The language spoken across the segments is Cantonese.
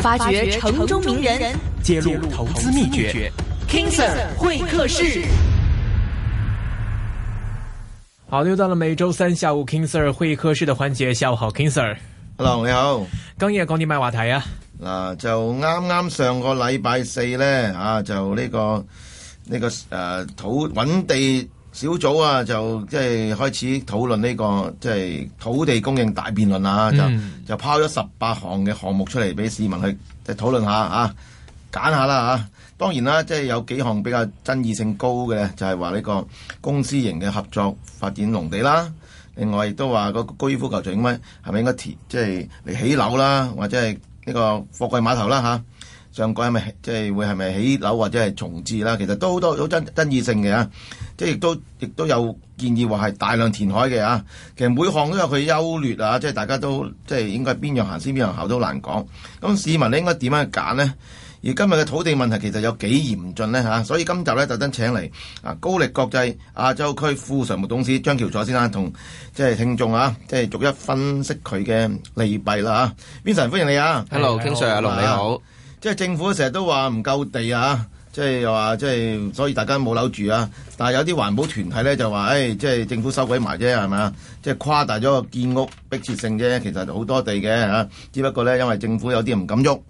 發掘城中名人，人，揭露投資秘訣。King Sir, King Sir 會客室。好，又到了每周三下午 King Sir 會客室的環節。下午好，King Sir。Hello、嗯、你好。今日講啲咩話題啊？嗱、啊，就啱啱上個禮拜四咧，啊，就呢、呢個呢、呢個誒、啊、土揾地。小組啊，就即係開始討論呢、這個即係、就是、土地供應大辯論啦、啊嗯，就就拋咗十八項嘅項目出嚟俾市民去討論下啊，揀下啦啊。當然啦、啊，即、就、係、是、有幾項比較爭議性高嘅，就係話呢個公司型嘅合作發展農地啦。另外亦都話個高爾夫球場應該係咪應該填即係嚟起樓啦，或者係呢個貨櫃碼頭啦嚇、啊、上蓋係咪即係會係咪起樓或者係重置啦？其實都好多有爭爭議性嘅啊。即係亦都亦都有建議話係大量填海嘅啊！其實每項都有佢優劣啊！即係大家都即係應該邊樣行先邊樣行都難講。咁市民咧應該點樣去揀呢？而今日嘅土地問題其實有幾嚴峻呢？所以今集咧特登請嚟啊高力國際亞洲區副常務董事張橋楚先生同即係聽眾啊，即係逐一分析佢嘅利弊啦、啊、嚇！Vincent 歡迎你啊 Hello，King Sir，hello、啊、你好。即係政府成日都話唔夠地啊！即係又話即係所以大家冇樓住啊！但係有啲環保團體咧就話，誒，即係政府收鬼埋啫，係嘛？即係誇大咗個建屋迫切性啫。其實好多地嘅嚇，只不過咧，因為政府有啲唔敢喐，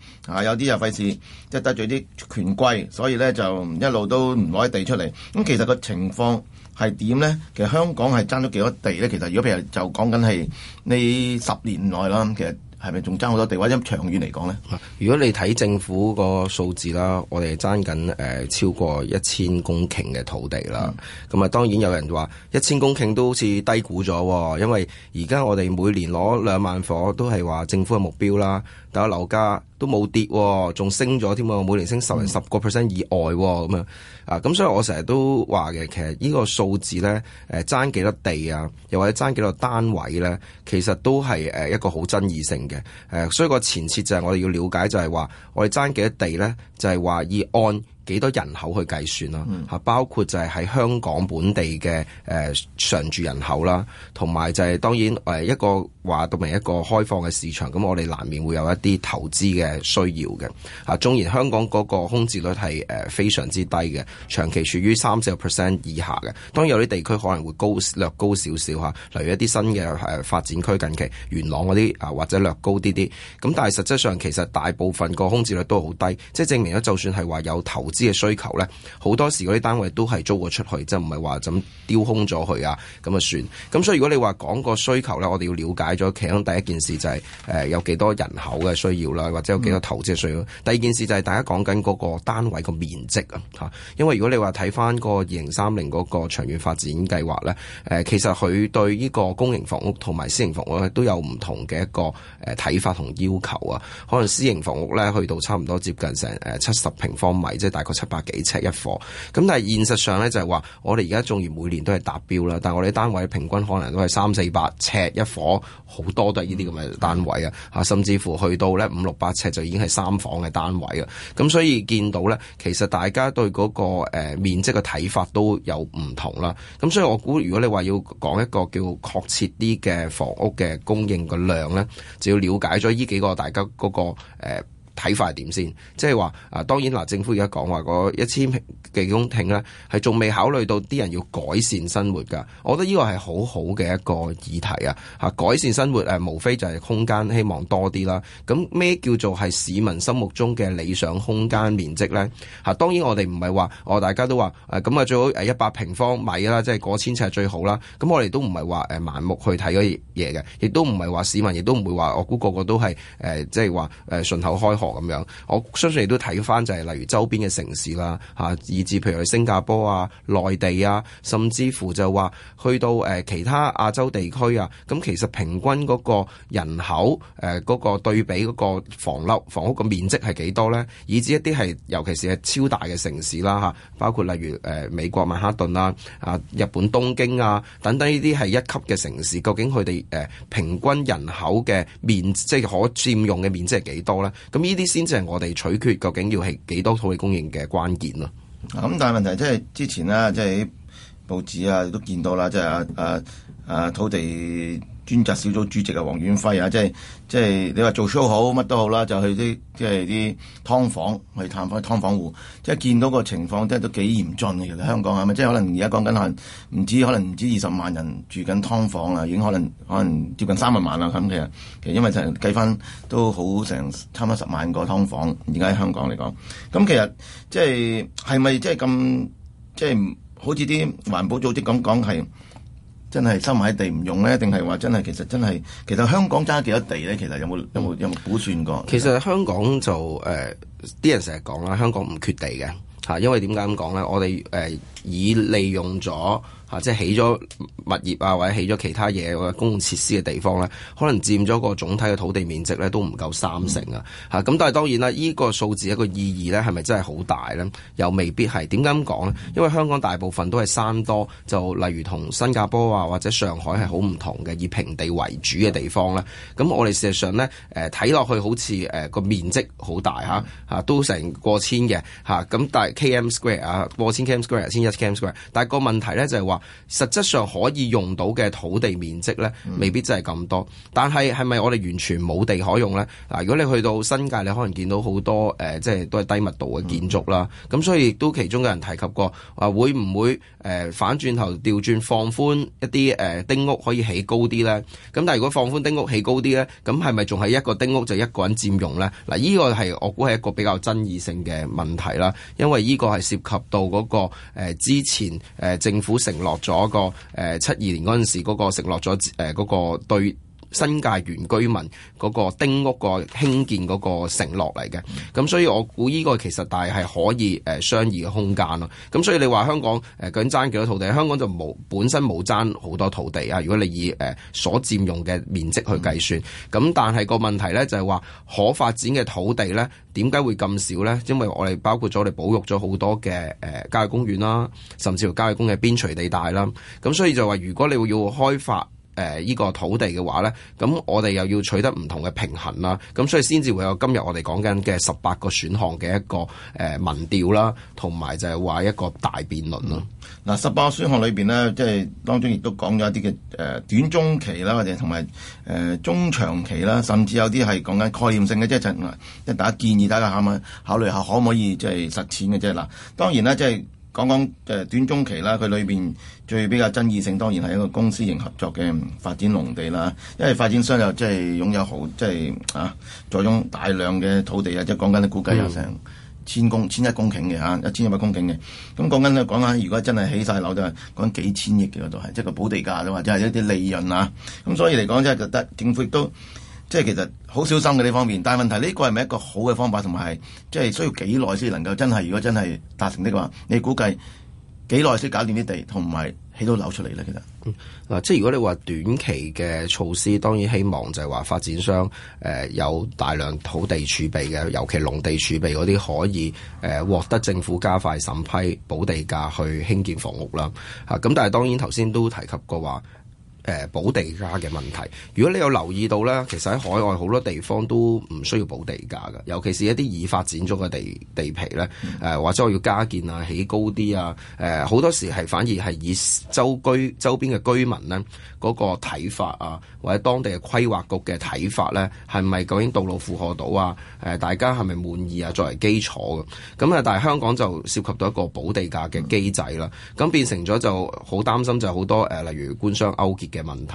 有啲又費事，即係得罪啲權貴，所以咧就一路都唔攞啲地出嚟。咁其實個情況係點咧？其實香港係爭咗幾多地咧？其實如果譬如就講緊係呢十年內啦，咁其實係咪仲爭好多地？因為長遠嚟講呢，如果你睇政府個數字啦，我哋爭緊誒超過一千公頃嘅土地啦。咁啊，當然有人話一千公頃都好似低估咗，因為而家我哋每年攞兩萬夥都係話政府嘅目標啦。但係樓價都冇跌，仲升咗添喎，每年升十零十個 percent 以外喎，咁、嗯、樣啊，咁所以我成日都話嘅，其實呢個數字呢，誒爭幾多地啊，又或者爭幾多個單位呢，其實都係一個好爭議性嘅，誒，所以個前設就係我哋要了解就，就係話我哋爭幾多地呢，就係、是、話以按。幾多人口去計算啦？嚇，包括就係喺香港本地嘅誒常住人口啦，同埋就係當然誒一個話到明一個開放嘅市場，咁我哋難免會有一啲投資嘅需要嘅。嚇，縱然香港嗰個空置率係誒非常之低嘅，長期處於三四 percent 以下嘅。當然有啲地區可能會高略高少少嚇，例如一啲新嘅誒發展區近期元朗嗰啲啊，或者略高啲啲。咁但係實際上其實大部分個空置率都好低，即係證明咗就算係話有投資。嘅需求呢，好多時嗰啲單位都係租過出去，即唔係話咁丟空咗佢啊？咁啊算。咁所以如果你話講個需求呢，我哋要了解咗其中第一件事就係誒有幾多人口嘅需要啦，或者有幾多投資嘅需要、嗯。第二件事就係大家講緊嗰個單位個面積啊，嚇。因為如果你話睇翻個二零三零嗰個長遠發展計劃呢，誒其實佢對呢個公營房屋同埋私營房屋都有唔同嘅一個誒睇法同要求啊。可能私營房屋呢，去到差唔多接近成誒七十平方米，即係大七百幾尺一伙，咁但係現實上呢，就係話，我哋而家仲要每年都係達標啦，但係我哋單位平均可能都係三四百尺一伙，好多都係呢啲咁嘅單位啊，甚至乎去到呢五六百尺就已經係三房嘅單位啊，咁所以見到呢，其實大家對嗰個誒面積嘅睇法都有唔同啦，咁所以我估如果你話要講一個叫確切啲嘅房屋嘅供應嘅量呢，就要了解咗呢幾個大家嗰、嗰個誒。睇法點先，即係話啊，當然嗱，政府而家講話嗰一千幾公頃咧，係仲未考慮到啲人要改善生活㗎。我覺得呢個係好好嘅一個議題啊！改善生活誒、啊，無非就係空間希望多啲啦。咁咩叫做係市民心目中嘅理想空間面積咧？嚇、啊，當然我哋唔係話我大家都話誒咁啊，最好一百平方米啦，即係過千尺最好啦。咁我哋都唔係話誒盲目去睇嗰啲嘢嘅，亦都唔係話市民亦都唔會話我估個個都係誒，即係話誒順口開河。咁樣，我相信你都睇翻就係，例如周邊嘅城市啦，嚇，以至譬如去新加坡啊、內地啊，甚至乎就話去到誒其他亞洲地區啊。咁其實平均嗰個人口誒嗰個對比嗰個房樓房屋個面積係幾多呢？以至一啲係尤其是係超大嘅城市啦，嚇，包括例如誒美國曼哈頓啦、啊、啊日本東京啊等等呢啲係一級嘅城市，究竟佢哋誒平均人口嘅面即係可佔用嘅面積係幾多呢？咁呢啲先至係我哋取決究竟要係幾多土地供應嘅關鍵咯，嗯。咁但係問題即係之前啦，即係啲報紙啊也都見到啦，即係誒誒土地。專責小組主席啊，黃遠輝啊，即係即係你話做 show 好，乜都好啦，就去啲即係啲劏房去探訪劏房戶，即係見到個情況都都幾嚴峻嘅。其實,其實香港係咪即係可能而家講緊可能唔止可能唔止二十萬人住緊劏房啊，已經可能可能接近三十萬啦。咁其實其實因為計翻都好成差唔多十萬個劏房，而家喺香港嚟講，咁其實即係係咪即係咁即係好似啲環保組織咁講係？真係收埋喺地唔用咧，定係話真係其實真係其實香港爭幾多地咧？其實有冇有冇有冇估算過？其實香港就、呃、啲人成日講啦，香港唔缺地嘅吓，因為點解咁講咧？我哋、呃以利用咗吓，即係起咗物業啊，或者起咗其他嘢或者公共設施嘅地方咧，可能佔咗個總體嘅土地面積咧都唔夠三成啊！吓、嗯、咁，但係當然啦，依、這個數字一個意義咧，係咪真係好大咧？又未必係。點解咁講咧？因為香港大部分都係山多，就例如同新加坡啊或者上海係好唔同嘅，以平地為主嘅地方咧。咁、嗯、我哋事實上咧，誒睇落去好似誒個面積好大吓吓都成過千嘅吓咁，但係 km square 啊，過千 km square 先但係個問題呢就係話，實質上可以用到嘅土地面積呢，未必真係咁多。但係係咪我哋完全冇地可用呢？嗱，如果你去到新界，你可能見到好多誒，即、呃、係都係低密度嘅建築啦。咁所以亦都其中有人提及過，話會唔會誒、呃、反轉頭調轉放寬一啲誒、呃、丁屋可以起高啲呢？咁但係如果放寬丁屋起高啲呢，咁係咪仲係一個丁屋就一個人佔用呢？嗱、呃、呢、這個係我估係一個比較爭議性嘅問題啦，因為呢個係涉及到嗰、那個誒。呃之前，呃、政府承諾咗個誒七二年嗰陣時嗰個承諾咗誒嗰個對。新界原居民嗰個丁屋個興建嗰個承諾嚟嘅，咁所以我估呢個其實大係可以誒商議嘅空間咯。咁所以你話香港誒究竟爭幾多土地？香港就冇本身冇爭好多土地啊。如果你以誒所佔用嘅面積去計算，咁但係個問題咧就係話可發展嘅土地咧點解會咁少咧？因為我哋包括咗我哋保育咗好多嘅誒郊野公園啦，甚至乎郊野公園嘅邊陲地帶啦。咁所以就話如果你會要開發。誒，呢個土地嘅話咧，咁我哋又要取得唔同嘅平衡啦，咁所以先至會有今日我哋講緊嘅十八個選項嘅一個誒民調啦，同埋就係話一個大辯論咯。嗱、啊，十八個選項裏邊咧，即係當中亦都講咗一啲嘅誒短中期啦，或者同埋誒中長期啦，甚至有啲係講緊概念性嘅，即係即係大家建議大家考考慮下可唔可以即係實踐嘅啫。嗱，當然啦，即係。講講誒短中期啦，佢裏邊最比較爭議性當然係一個公私營合作嘅發展農地啦，因為發展商又即係擁有好即係啊，坐擁大量嘅土地啊，即係講緊，估計有成千公、嗯、千一公頃嘅嚇，一千一百公頃嘅。咁講緊咧，講緊如果真係起晒樓就講幾千億嘅都係，即係個補地價啫或者係一啲利潤啊。咁、嗯、所以嚟講，即係覺得政府亦都。即係其實好小心嘅呢方面，但係問題呢個係咪一個好嘅方法，同埋即係需要幾耐先能夠真係，如果真係達成的話，你估計幾耐先搞掂啲地，同埋起到樓出嚟呢？其實嗱，即係如果你話短期嘅措施，當然希望就係話發展商誒、呃、有大量土地儲備嘅，尤其農地儲備嗰啲可以誒、呃、獲得政府加快審批補地價去興建房屋啦。咁、啊、但係當然頭先都提及過話。誒補地價嘅問題，如果你有留意到呢，其實喺海外好多地方都唔需要補地價㗎，尤其是一啲已發展咗嘅地地皮呢，誒、呃、或者我要加建啊、起高啲啊，誒、呃、好多時係反而係以周居周邊嘅居民呢嗰、那個睇法啊，或者當地嘅規劃局嘅睇法呢，係咪究竟道路負荷到啊？呃、大家係咪滿意啊？作為基礎嘅，咁啊，但係香港就涉及到一個補地價嘅機制啦，咁變成咗就好擔心就，就好多例如官商勾結嘅問題，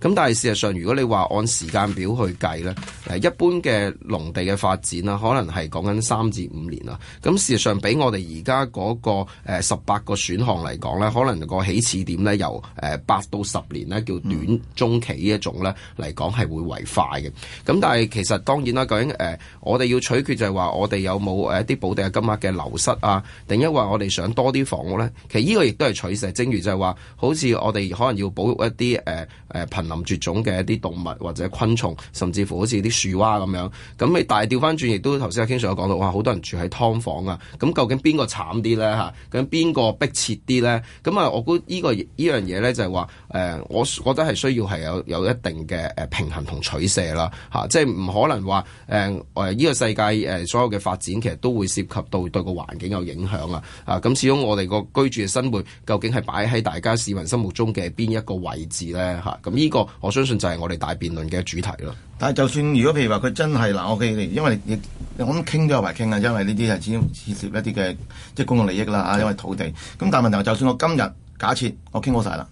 咁但係事實上，如果你話按時間表去計咧，誒一般嘅農地嘅發展啦，可能係講緊三至五年啦。咁事實上，比我哋而家嗰個誒十八個選項嚟講咧，可能個起始點咧由誒八到十年咧，叫短中期呢一種咧嚟講係會為快嘅。咁但係其實當然啦，究竟誒我哋要取決就係話我哋有冇誒一啲保地金額嘅流失啊，定抑或我哋想多啲房屋咧？其實呢個亦都係取捨，正如就係話好似我哋可能要保育一啲。誒誒，瀕臨絕種嘅一啲動物或者昆蟲，甚至乎好似啲樹蛙咁樣，咁你大係調翻轉，亦都頭先阿 King Sir 有講到，哇，好多人住喺劏房啊，咁究竟邊個慘啲呢？吓、啊？咁邊個迫切啲呢？這個」咁、這個、啊，我估呢個呢樣嘢呢，就係話，誒，我覺得係需要係有有一定嘅誒平衡同取捨啦，吓、啊，即係唔可能話誒誒呢個世界誒所有嘅發展其實都會涉及到對個環境有影響啊，啊，咁始終我哋個居住嘅生活究竟係擺喺大家市民心目中嘅邊一個位置？咧咁呢個我相信就係我哋大辯論嘅主題咯。但係就算如果譬如話佢真係嗱，我你因為我咁傾咗又埋傾啊，因為呢啲係先涉涉一啲嘅即係公共利益啦因為土地。咁但係問題，就算我今日假設我傾好晒啦，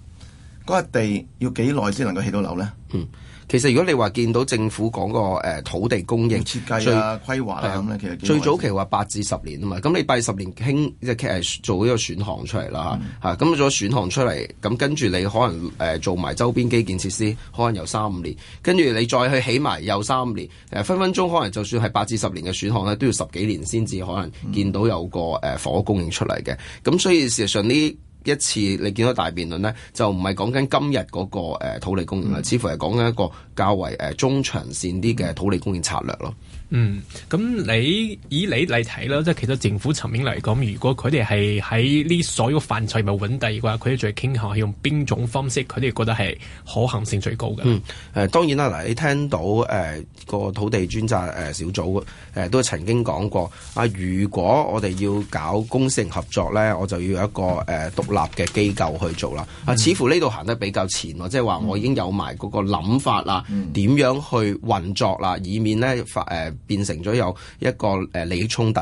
嗰、那個、地要幾耐先能夠起到樓咧？嗯。其實如果你話見到政府講個、啊、土地供應設計啊規劃啊咁、嗯、其實最早期話八至十年啊嘛，咁你八十年興即係做一個選項出嚟啦嚇，咁做咗選項出嚟，咁跟住你可能、啊、做埋周邊基建設施，可能有三五年，跟住你再去起埋又三五年、啊，分分鐘可能就算係八至十年嘅選項咧，都要十幾年先至可能見到有個、嗯啊、火供應出嚟嘅，咁所以事實上呢？一次你見到大辯論呢，就唔係講緊今日嗰個土地供應啦，嗯、似乎係講緊一個較為中長線啲嘅土地供應策略咯。嗯，咁你以你嚟睇啦，即係其實政府層面嚟講，如果佢哋係喺呢所有犯罪咪穩定嘅話，佢哋最傾向係用邊種方式，佢哋覺得係可行性最高嘅。嗯，誒、呃、當然啦，嗱你聽到誒、呃個土地專責、呃、小組、呃、都曾經講過，啊、呃、如果我哋要搞公私合作咧，我就要一個誒、呃、獨立嘅機構去做啦。啊、呃嗯，似乎呢度行得比較前喎，即係話我已經有埋嗰個諗法啦，點、嗯、樣去運作啦，以免咧發變成咗有一個誒、利益衝突。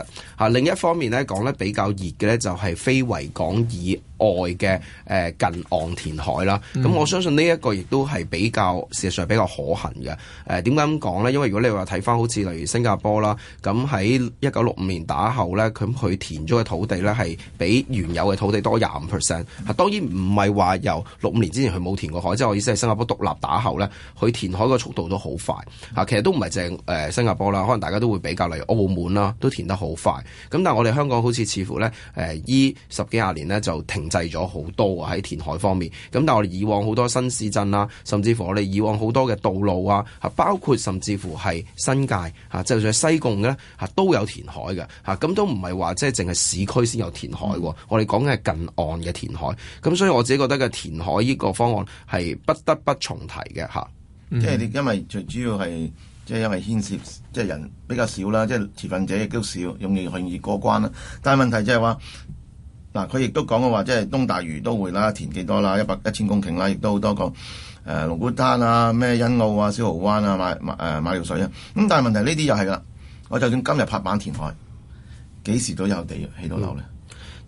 另一方面呢，講得比較熱嘅呢，就係非維港以外嘅誒近岸填海啦，咁我相信呢一個亦都係比較事實上比較可行嘅。誒點解咁講咧？因為如果你話睇翻好似例如新加坡啦，咁喺一九六五年打後咧，咁佢填咗嘅土地咧係比原有嘅土地多廿五 percent。啊，當然唔係話由六五年之前佢冇填過海，即係我意思係新加坡獨立打後咧，佢填海個速度都好快。啊，其實都唔係淨誒新加坡啦，可能大家都會比較，例如澳門啦，都填得好快。咁但係我哋香港好似似乎咧誒依十幾廿年咧就停。製咗好多喎，喺填海方面。咁但係我哋以往好多新市鎮啦，甚至乎我哋以往好多嘅道路啊，啊包括甚至乎係新界啊，即係西貢嘅咧，吓都有填海嘅。吓咁都唔係話即係淨係市區先有填海。嗯、我哋講嘅係近岸嘅填海。咁所以我自己覺得嘅填海呢個方案係不得不重提嘅。吓、嗯，即係因為最主要係即係因為牽涉即係人比較少啦，即係持份者亦都少，容易容易過關啦。但係問題即係話。嗱、啊，佢亦都講過話，即係東大嶼都會啦，填幾多啦，一百一千公頃啦，亦都好多個誒、呃、龍鼓灘啊，咩欣澳啊，小蠔灣啊，馬誒馬料水啊，咁、嗯、但係問題呢啲又係啦，我就算今日拍板填海，幾時都有地起到樓咧？嗯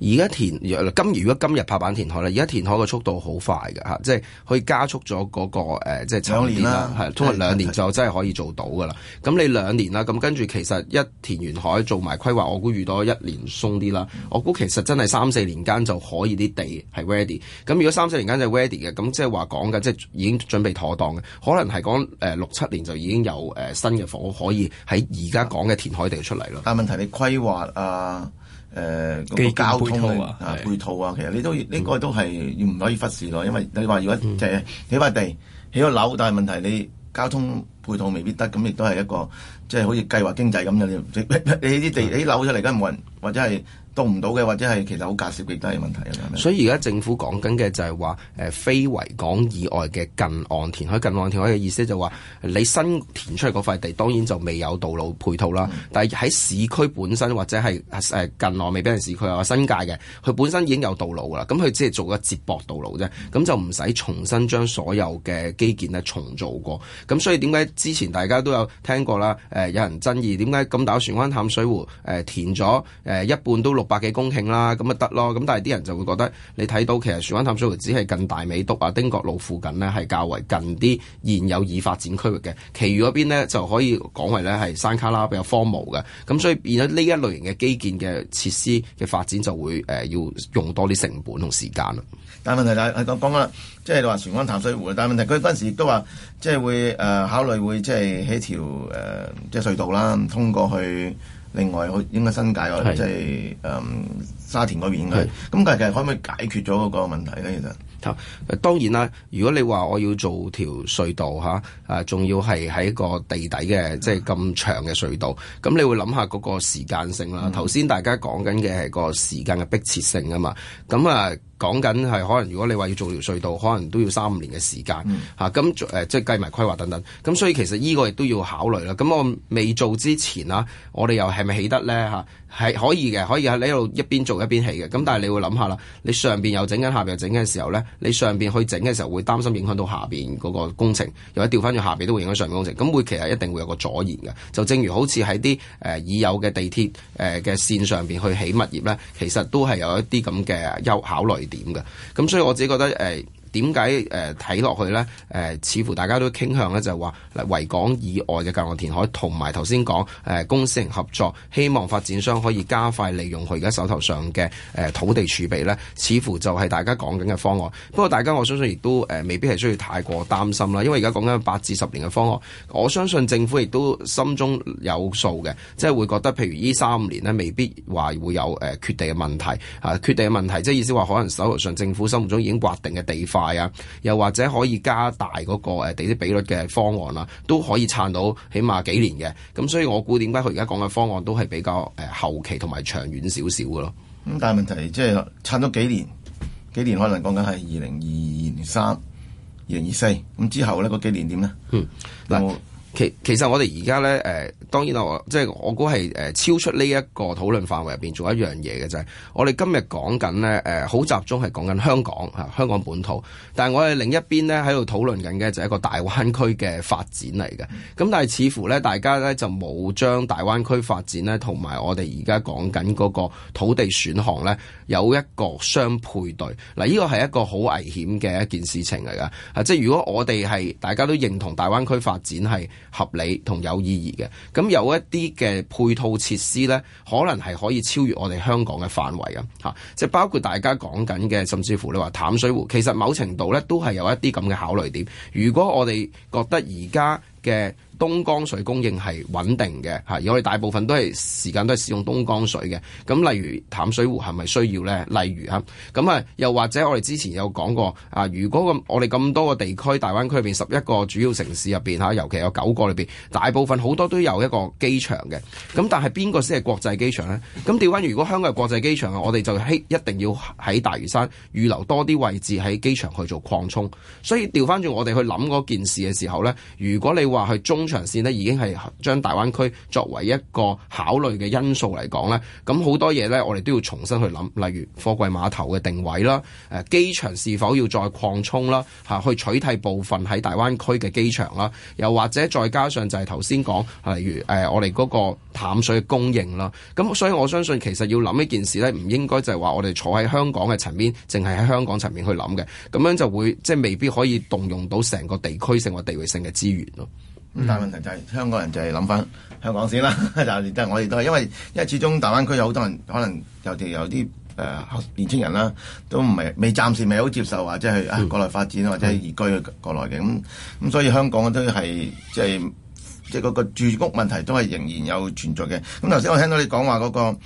而家填今如果今日拍板填海咧，而家填海嘅速度好快嘅吓，即係可以加速咗嗰、那個、呃、即係年啦、啊，通常兩年就真係可以做到噶啦。咁、嗯、你兩年啦，咁跟住其實一填完海做埋規劃，我估預多一年鬆啲啦。我估其實真係三四年間就可以啲地係 ready。咁如果三四年間就是 ready 嘅，咁即係話講緊，即係已經準備妥當嘅，可能係講六七年就已經有新嘅房屋可以喺而家講嘅填海地出嚟咯。但係問題你規劃啊？誒、呃、交通啊，啊，配套啊，其實你都呢、嗯、個都係唔可以忽視咯，因為你話如果即係起塊地、嗯、起個樓，但係問題你交通配套未必得，咁亦都係一個即係、就是、好似計劃經濟咁嘅，你你起啲地起樓出嚟，梗係冇人或者係。到唔到嘅，或者係其實好隔涉亦都係問題，啊！所以而家政府講緊嘅就係話誒非維港以外嘅近岸填海，近岸填海嘅意思就話你新填出嚟嗰塊地當然就未有道路配套啦。嗯、但係喺市區本身或者係誒近岸未俾人市區或者新界嘅，佢本身已經有道路噶啦。咁佢只係做咗接駁道路啫，咁、嗯、就唔使重新將所有嘅基建咧重做過，咁所以點解之前大家都有聽過啦？誒、呃、有人爭議點解咁大個船灣淡水湖誒、呃、填咗誒、呃、一半都六百幾公頃啦，咁咪得咯。咁但係啲人就會覺得你睇到其實荃灣淡水湖只係近大美督啊汀角路附近呢，係較為近啲現有已發展區域嘅，其餘嗰邊咧就可以講為咧係山卡拉比較荒蕪嘅。咁所以變咗呢一類型嘅基建嘅設施嘅發展就會誒、呃、要用多啲成本同時間啦。但問題說說就係講講啦，即係你話荃灣淡水湖。但問題佢嗰陣時亦都話，即、就、係、是、會誒考慮會即係喺條誒即係隧道啦，通過去。另外，好應該新界嗰即係沙田嗰邊應該咁但係其實可唔可以解決咗嗰個問題咧？其實，當然啦。如果你話我要做條隧道嚇，誒、啊，仲要係喺個地底嘅，即係咁長嘅隧道，咁你會諗下嗰個時間性啦。頭、嗯、先大家講緊嘅係個時間嘅迫切性啊嘛，咁啊。講緊係可能，如果你話要做條隧道，可能都要三五年嘅時間嚇。咁、嗯、誒，即、啊、係、呃即係、計埋規劃等等。咁所以其實呢個亦都要考慮啦。咁我未做之前啦、啊，我哋又係咪起得咧嚇？啊係可以嘅，可以喺呢度一邊做一邊起嘅。咁但係你會諗下啦，你上面又整緊，下邊又整緊嘅時候呢，你上面去整嘅時候會擔心影響到下面嗰個工程，或者調翻轉下面都會影響上面的工程。咁會其實一定會有個阻延嘅。就正如好似喺啲誒已有嘅地鐵誒嘅、呃、線上面去起物業呢，其實都係有一啲咁嘅優考慮點嘅。咁所以我自己覺得、呃點解誒睇落去呢？誒、呃、似乎大家都傾向呢，就係話嗱，維港以外嘅隔岸填海，同埋頭先講誒公私營合作，希望發展商可以加快利用佢而家手頭上嘅、呃、土地儲備呢，似乎就係大家講緊嘅方案。不過大家我相信亦都誒、呃，未必係需要太過擔心啦，因為而家講緊八至十年嘅方案，我相信政府亦都心中有數嘅，即係會覺得譬如呢三五年呢，未必話會有誒缺地嘅問題啊，缺地嘅問題，即係意思話可能手頭上政府心目中已經劃定嘅地方。係啊，又或者可以加大嗰個地積比率嘅方案啦，都可以撐到起碼幾年嘅。咁所以我估點解佢而家講嘅方案都係比較誒後期同埋長遠少少嘅咯。咁但係問題即係撐咗幾年，幾年可能講緊係二零二二年、二零二三、二零二四，咁之後咧嗰幾年點咧？嗯，嗱。其其實我哋而家呢，誒、呃，當然我即我估係誒超出呢一個討論範圍入邊做一樣嘢嘅就係、是，我哋今日講緊呢，誒，好集中係講緊香港香港本土，但係我哋另一邊呢，喺度討論緊嘅就係一個大灣區嘅發展嚟嘅。咁、嗯、但係似乎呢，大家呢就冇將大灣區發展呢，同埋我哋而家講緊嗰個土地選項呢，有一個相配對。嗱、呃，呢個係一個好危險嘅一件事情嚟㗎、啊、即係如果我哋係大家都認同大灣區發展係合理同有意義嘅，咁有一啲嘅配套設施呢，可能係可以超越我哋香港嘅範圍嘅，嚇，即係包括大家講緊嘅，甚至乎你話淡水湖，其實某程度呢都係有一啲咁嘅考慮點。如果我哋覺得而家嘅東江水供應係穩定嘅嚇，而我哋大部分都係時間都係使用東江水嘅。咁例如淡水湖係咪需要呢？例如嚇，咁啊又或者我哋之前有講過啊，如果咁我哋咁多個地區，大灣區入面十一個主要城市入面，尤其有九個裏面，大部分好多都有一個機場嘅。咁但係邊個先係國際機場呢？咁調翻，如果香港係國際機場啊，我哋就希一定要喺大嶼山預留多啲位置喺機場去做擴充。所以調翻住我哋去諗嗰件事嘅時候呢，如果你話去中。長線咧，已經係將大灣區作為一個考慮嘅因素嚟講咧，咁好多嘢呢，我哋都要重新去諗，例如貨櫃碼頭嘅定位啦，誒機場是否要再擴充啦，吓去取締部分喺大灣區嘅機場啦，又或者再加上就係頭先講，例如誒、呃、我哋嗰個淡水嘅供應啦，咁所以我相信其實要諗一件事呢，唔應該就係話我哋坐喺香港嘅層面，淨係喺香港層面去諗嘅，咁樣就會即係、就是、未必可以動用到成個地區性或地域性嘅資源咯。咁大問題就係香港人就係諗翻香港先啦，但 係我哋都係，因為因為始終大灣區有好多人，可能尤其有啲誒年青人啦，都唔係未暫時未好接受或者係啊國內發展或者移居過來嘅咁咁，所以香港都係即係即係嗰個住屋問題都係仍然有存在嘅。咁頭先我聽到你講話嗰個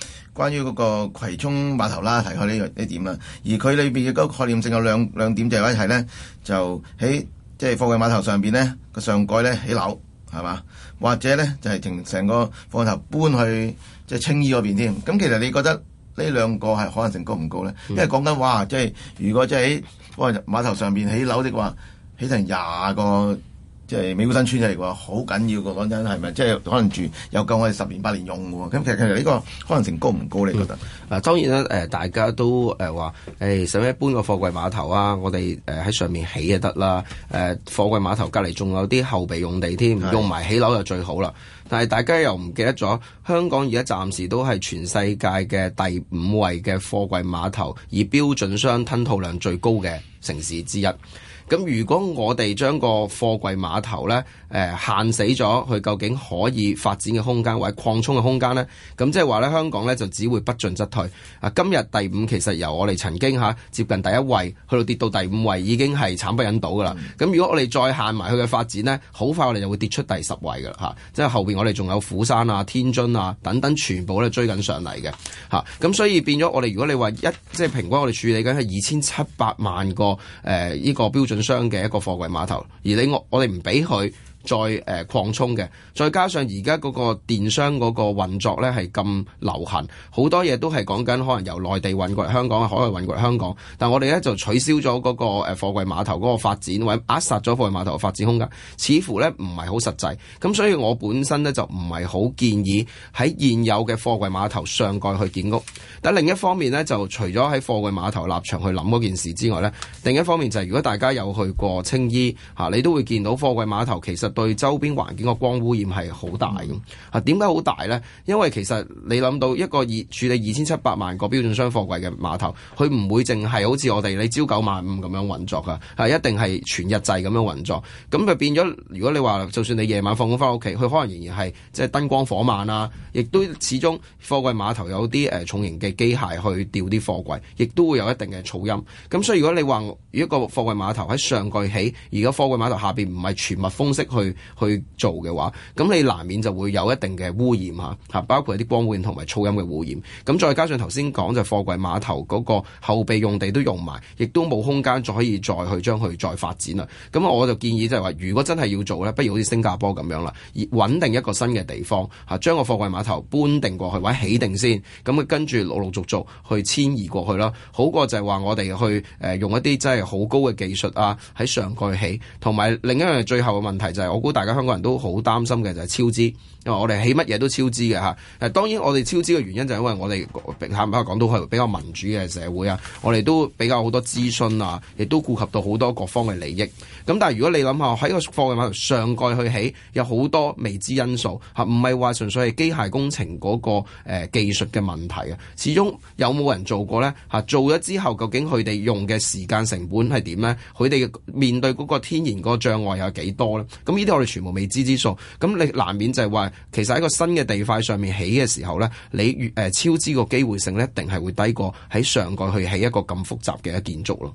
關於嗰個葵涌碼頭啦，提開呢個呢點啦，而佢裏面嘅嗰個概念性有兩兩點就呢，就係咧就喺。即係貨櫃碼頭上邊咧個上蓋咧起樓係嘛，或者咧就係成成個貨櫃頭搬去即係青衣嗰邊添。咁其實你覺得呢兩個係可能性高唔高咧？嗯、因為講緊話即係、就是、如果即係喺貨櫃碼頭上邊起樓的話，起成廿個。即係美孚新村就嚟話好緊要嘅，講真係咪？即係可能住有夠我哋十年八年用喎。咁其實其實呢個可能性高唔高？你覺得？嗱、嗯，當然啦、呃，大家都誒話，誒想一般個貨櫃碼頭啊，我哋誒喺上面起就得啦。誒、呃、貨櫃碼頭隔離仲有啲後備用地添，用埋起樓就最好啦。但係大家又唔記得咗，香港而家暫時都係全世界嘅第五位嘅貨櫃碼頭，以標準箱吞吐量最高嘅城市之一。咁如果我哋將個貨櫃碼頭咧，誒限死咗，佢究竟可以發展嘅空間或者擴充嘅空間咧？咁即係話咧，香港咧就只會不進則退。啊，今日第五其實由我哋曾經吓、啊、接近第一位，去到跌到第五位已經係慘不忍睹噶啦。咁、嗯、如果我哋再限埋佢嘅發展咧，好快我哋就會跌出第十位噶啦、啊、即係後邊我哋仲有釜山啊、天津啊等等，全部咧追緊上嚟嘅吓，咁所以變咗我哋，如果你話一即係、就是、平均我哋處理緊係二千七百萬個誒呢、呃這個標準。商嘅一個貨櫃碼頭，而你我我哋唔俾佢，再誒擴充嘅，再加上而家嗰個電商嗰個運作呢係咁流行，好多嘢都係講緊可能由內地運過嚟香港，海外運過嚟香港。但我哋呢就取消咗嗰個誒貨櫃碼頭嗰個發展位，或者扼殺咗貨櫃碼頭發展空間，似乎呢唔係好實際。咁所以，我本身呢就唔係好建議喺現有嘅貨櫃碼頭上蓋去建屋。但另一方面呢，就除咗喺貨櫃碼頭立場去諗嗰件事之外呢，另一方面就係如果大家有去過青衣嚇，你都會見到貨櫃碼頭其實，對周邊環境個光污染係好大嘅，啊點解好大呢？因為其實你諗到一個二處理二千七百萬個標準箱貨櫃嘅碼頭，佢唔會淨係好似我哋你朝九晚五咁樣運作㗎，係一定係全日制咁樣運作。咁就變咗，如果你話就算你夜晚放工返屋企，佢可能仍然係即係燈光火燭啊，亦都始終貨櫃碼頭有啲誒重型嘅機械去吊啲貨櫃，亦都會有一定嘅噪音。咁所以如果你話如果個貨櫃碼頭喺上蓋起，而家貨櫃碼頭下邊唔係全密封式去，去，去做嘅話，咁你難免就會有一定嘅污染吓，吓、啊、包括一啲光污染同埋噪音嘅污染。咁、啊、再加上剛才，頭先講，就貨櫃碼頭嗰個後備用地都用埋，亦都冇空間再可以再去將佢再發展啦。咁我就建議就係話，如果真係要做咧，不如好似新加坡咁樣啦，搵定一個新嘅地方吓，將個貨櫃碼頭搬定過去或者起定先，咁、啊、佢跟住陸陸續續去遷移過去啦，好過就係話我哋去誒、呃、用一啲真係好高嘅技術啊，喺上蓋起，同埋另一樣最後嘅問題就係、是。我估大家香港人都好擔心嘅就係超支，因為我哋起乜嘢都超支嘅吓，誒，當然我哋超支嘅原因就係因為我哋下唔好講到係比較民主嘅社會啊，我哋都比較好多資訊啊，亦都顧及到好多各方嘅利益。咁但係如果你諗下喺個貨物上蓋去起，有好多未知因素吓，唔係話純粹係機械工程嗰個誒技術嘅問題啊。始終有冇人做過咧吓，做咗之後究竟佢哋用嘅時間成本係點咧？佢哋面對嗰個天然個障礙有幾多咧？咁。呢啲我哋全部未知之數，咁你難免就係話，其實喺個新嘅地塊上面起嘅時候咧，你越誒超支個機會性咧，一定係會低過喺上蓋去起一個咁複雜嘅一建築咯。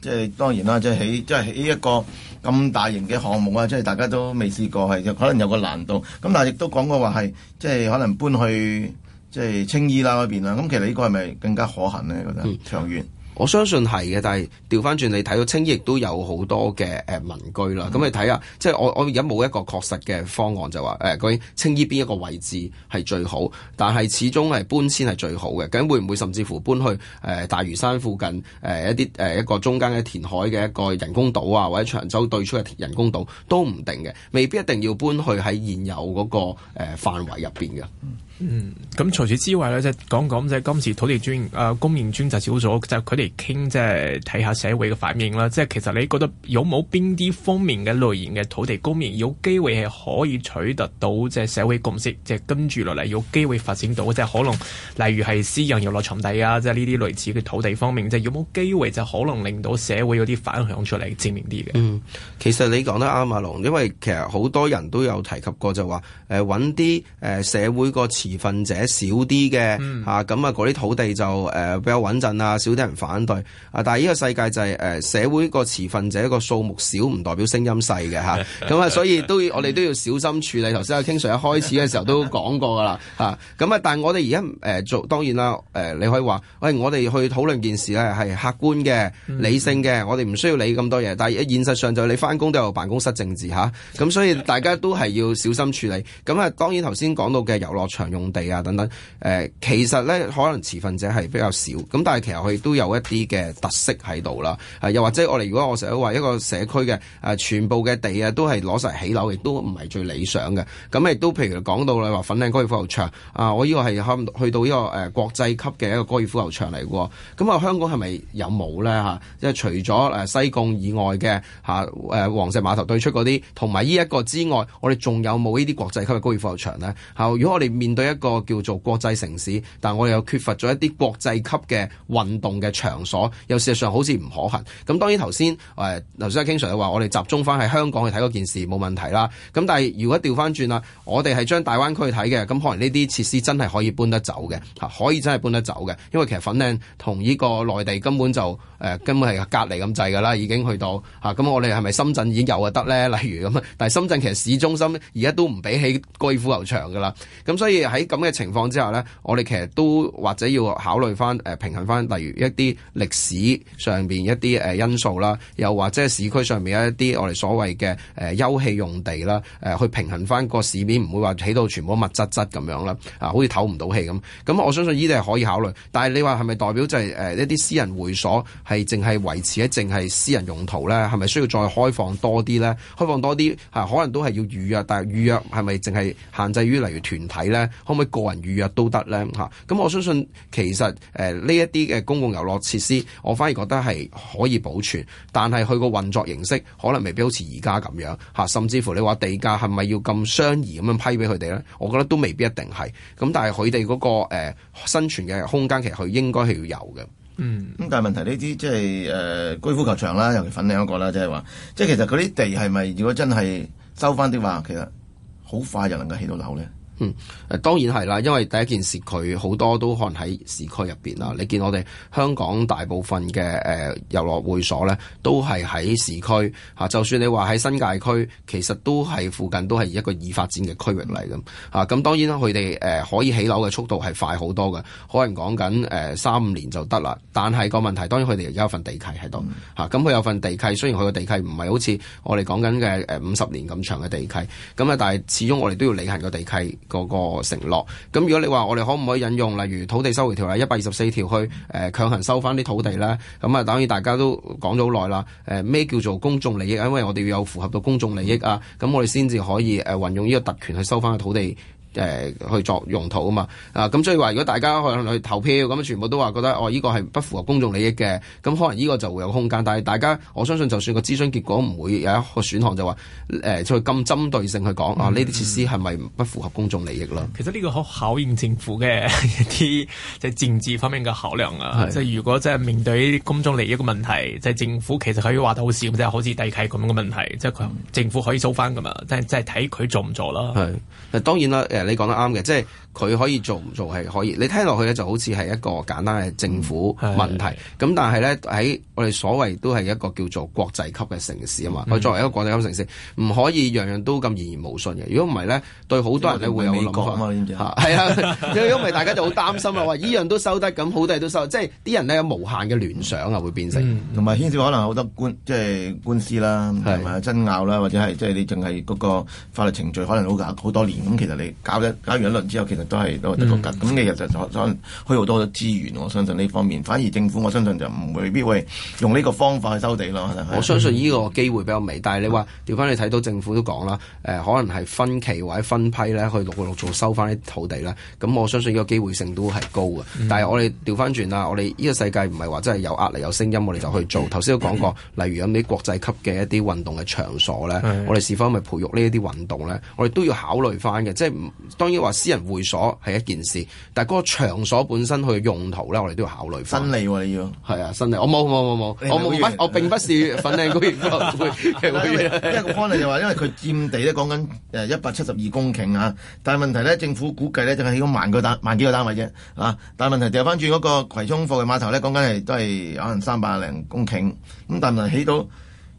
即係當然啦，即係起即係起一個咁大型嘅項目啊，即係大家都未試過，係可能有個難度。咁但係亦都講過話係，即係可能搬去即係青衣啦嗰邊啦。咁其實呢個係咪更加可行咧？覺、嗯、得長遠？我相信係嘅，但係調翻轉你睇到青衣亦都有好多嘅誒民居啦。咁、嗯、你睇下，即係我我而家冇一個確實嘅方案就，就話誒究竟青衣邊一個位置係最好。但係始終係搬遷係最好嘅。究竟會唔會甚至乎搬去誒、呃、大嶼山附近誒、呃、一啲誒、呃、一個中間嘅填海嘅一個人工島啊，或者長洲對出嘅人工島都唔定嘅，未必一定要搬去喺現有嗰、那個誒、呃、範圍入邊嘅。嗯嗯，咁除此之外咧，即係講講即係今次土地專誒供應專責小組，就佢哋傾即係睇下社會嘅反應啦。即係其實你覺得有冇邊啲方面嘅類型嘅土地供應有機會係可以取得到即係社會共識，即係跟住落嚟有機會發展到即係可能，例如係私人遊樂場地啊，即係呢啲類似嘅土地方面，即係有冇機會就可能令到社會有啲反響出嚟正面啲嘅？嗯，其實你講得啱啊，龍，因為其實好多人都有提及過就話誒揾啲誒社會個。持份者少啲嘅吓，咁、嗯、啊嗰啲土地就誒、呃、比較穩陣啊，少啲人反對啊。但係呢個世界就係、是、誒、呃、社會個持份者個數目少，唔代表聲音細嘅吓，咁啊， 啊，所以都要、嗯、我哋都要小心處理。頭先阿 King Sir 一開始嘅時候都講過噶啦吓，咁啊，啊，但係我哋而家誒做當然啦誒、呃、你可以話喂、哎，我哋去討論件事咧係客觀嘅、嗯、理性嘅，我哋唔需要理咁多嘢。但係現實上就你翻工都有辦公室政治吓，咁、啊啊、所以大家都係要小心處理。咁啊，啊，當然頭先講到嘅遊樂場。用地啊，等等，誒其實咧可能持份者係比較少，咁但係其實佢亦都有一啲嘅特色喺度啦，啊又或者我哋如果我成日話一個社區嘅誒全部嘅地啊都係攞晒起樓，亦都唔係最理想嘅，咁亦都譬如講到啦話粉嶺高爾夫球場啊，我呢個係去到呢個誒國際級嘅一個高爾夫球場嚟嘅喎，咁啊香港係咪有冇咧吓，即、啊、係除咗誒西貢以外嘅吓誒黃石碼頭對出嗰啲，同埋呢一個之外，我哋仲有冇呢啲國際級嘅高爾夫球場咧？吓、啊、如果我哋面對。一個叫做國際城市，但我哋又缺乏咗一啲國際級嘅運動嘅場所，又事實上好似唔可行。咁當然頭先誒，頭先阿 King Sir 又話我哋集中翻喺香港去睇嗰件事冇問題啦。咁但係如果調翻轉啦，我哋係將大灣區去睇嘅，咁可能呢啲設施真係可以搬得走嘅，吓可以真係搬得走嘅，因為其實粉嶺同呢個內地根本就誒根本係隔離咁滯噶啦，已經去到吓，咁我哋係咪深圳已經有啊得呢？例如咁，但係深圳其實市中心而家都唔比起高爾夫球場噶啦，咁所以。喺咁嘅情況之下呢，我哋其實都或者要考慮翻平衡翻，例如一啲歷史上面一啲因素啦，又或者市區上面一啲我哋所謂嘅誒休憩用地啦，去平衡翻個市面，唔會話起到全部密質質咁樣啦，啊好似唞唔到氣咁。咁我相信呢啲係可以考慮。但係你話係咪代表就係一啲私人會所係淨係維持喺淨係私人用途呢？係咪需要再開放多啲呢？開放多啲吓，可能都係要預約，但係預約係咪淨係限制於例如團體呢？可唔可以個人預約都得咧？咁、啊，我相信其實誒呢一啲嘅公共遊樂設施，我反而覺得係可以保存，但係佢個運作形式可能未必好似而家咁樣、啊、甚至乎你話地價係咪要咁相宜咁樣批俾佢哋咧？我覺得都未必一定係咁、啊，但係佢哋嗰個、呃、生存嘅空間其實佢應該係要有嘅。嗯，咁但係問題呢啲即係高爾夫球場啦，尤其粉嶺嗰個啦，即係話即係其實嗰啲地係咪如果真係收翻啲話，其實好快就能夠起到樓咧？嗯，當然係啦，因為第一件事佢好多都可能喺市區入邊啊。你見我哋香港大部分嘅誒、呃、遊樂會所呢，都係喺市區嚇、啊。就算你話喺新界區，其實都係附近都係一個已發展嘅區域嚟㗎嚇。咁、啊嗯、當然啦，佢哋誒可以起樓嘅速度係快好多嘅，可能講緊誒三五年就得啦。但係個問題，當然佢哋而家有份地契喺度嚇。咁、啊、佢、嗯嗯、有份地契，雖然佢個地契唔係好似我哋講緊嘅誒五十年咁長嘅地契，咁啊，但係始終我哋都要履行個地契。個、那個承諾，咁如果你話我哋可唔可以引用，例如土地收回條例一百二十四條去誒、呃、強行收翻啲土地呢？咁啊，等於大家都講咗好耐啦。誒、呃、咩叫做公眾利益？因為我哋要有符合到公眾利益啊，咁我哋先至可以誒、呃、運用呢個特權去收翻個土地。誒、呃、去作用途嘛，啊嘛啊。咁所以話，如果大家去去投票，咁全部都話覺得，哦依、呢個係不符合公眾利益嘅，咁可能呢個就會有空間，但係大家，我相信就算個諮詢結果唔會有一個選項就話誒，再咁針對性去講，啊呢啲設施係咪不，不符合公眾利益咯？其實呢個好考驗政府嘅一啲即係政治方面嘅考量啊！即係、就是、如果即係面對公眾利益嘅問題，即、就、係、是、政府其實可以話得好少，即、就、係、是、好似地契咁嘅問題，即係佢政府可以收翻噶嘛？即係即睇佢做唔做啦。當當然啦你講得啱嘅，即係佢可以做唔做係可以。你聽落去咧就好似係一個簡單嘅政府問題。咁但係咧喺我哋所謂都係一個叫做國際級嘅城市啊嘛。佢、嗯、作為一個國際級城市，唔可以樣樣都咁言而無信嘅。如果唔係咧，對好多人咧會有諗法啊。係啊，如果唔係， 大家就好擔心啦。話依樣都收得，咁好多嘢都收得，即係啲人咧有無限嘅聯想啊，會變成同埋、嗯嗯、牽涉可能好多官即係、就是、官司啦，同埋爭拗啦，或者係即係你淨係嗰個法律程序可能好搞好多年。咁其實你。搞完一輪之後，其實都係得個㗎。咁其實就可能去好多咗資源。我相信呢方面，反而政府我相信就唔未必會用呢個方法去收地咯。我相信呢個機會比較微大、嗯，但係你話調翻嚟睇到政府都講啦，誒、呃，可能係分期或者分批咧去陸陸續續收翻啲土地啦。咁我相信呢個機會性都係高嘅、嗯。但係我哋調翻轉啦，我哋呢個世界唔係話真係有壓力有聲音，我哋就去做。頭先都講過、嗯，例如有啲國際級嘅一啲運動嘅場所咧，我哋是否咪培育呢一啲運動咧？我哋都要考慮翻嘅，即係。當然話私人會所係一件事，但係嗰個場所本身佢嘅用途咧，我哋都要考慮翻。粉嶺、啊、你要係啊，粉嶺。我冇冇冇冇，我冇，我並不是粉嶺 高，高，高，高， 高，高，高 因為個 c 就話，因為佢佔地咧講緊誒一百七十二公頃啊，但係問題咧政府估計咧，就係起咗萬個單萬幾個單位啫啊，但係問題掉翻轉嗰個葵涌貨櫃碼頭咧，講緊係都係可能三百零公頃，咁但係唔起到